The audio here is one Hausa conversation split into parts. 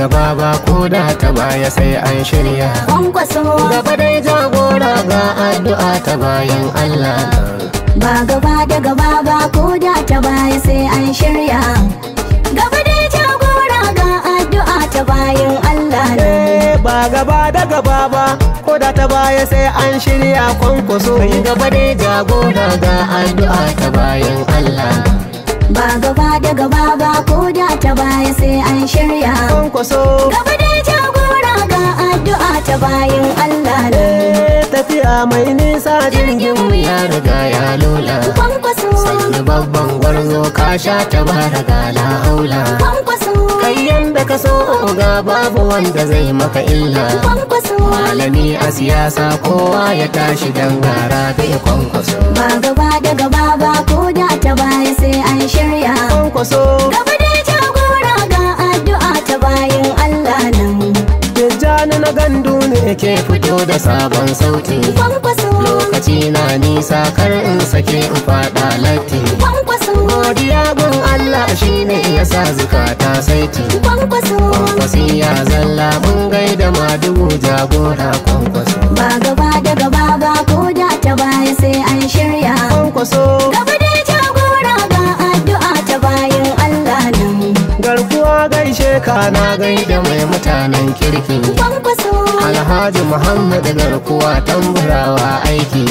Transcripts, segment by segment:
gaba ba ko da ta baya sai an shirya gaba dai jagora ga addu'a ta bayan Allah ba gaba da gaba ba ko da ta baya sai an shirya gaba dai jagora ga addu'a ta bayan Allah eh, ba gaba da gaba ba ko da ta baya sai an shirya kwankwaso gaba dai jagora ga addu'a ta bayan Allah ba gaba da gaba ba an shirya kwankwaso gaba da jagora ga addu'a ta bayan Allah ne eh, tafiya mai nisa jirgin ya riga ya lola kwankwaso sannu babban gwarzo ka sha ta bara ga la haula kwankwaso kai yanda ka so ga babu wanda zai maka illa kwankwaso malami a siyasa kowa ya tashi dan gara bai kwankwaso ba gaba da baba ko da ta baya sai an shirya kwankwaso sake fito da sabon sauti lokaci na nisa kar in sake in fada latti godiya gun Allah shine ya sa zukata saiti kwankwaso ya zalla mun gaida ma dubu jagora kwankwaso ba gaba da gaba ba ko da ta baya sai an shirya kwankwaso gaba da jagora ga addu'a ta bayan Allah nan garkuwa gaishe ka na gaida mutanen kirki alhaji muhammad garkuwa tamburawa aiki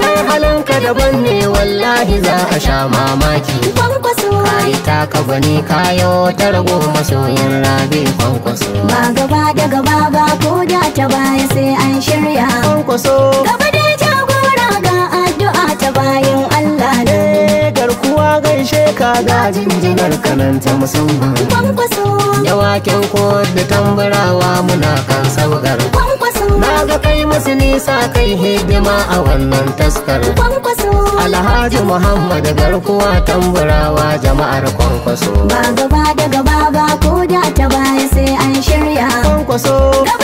kai halinka daban ne wallahi za a sha mamaki kai ta ka gwani kayo ta rago masoyin rabi kwankwaso ba gaba da gaba ba ko da ta baya sai an shirya kwankwaso gaishe ka ga jinjinar kananta musamman kwankwaso yawakin kowar da tambarawa muna kan saukar na ga kai masu nisa kai hidima a wannan taskar alhaji muhammad garkuwa tambarawa jama'ar kwankwaso ba gaba da gaba ba ko da ta baya sai an shirya kwankwaso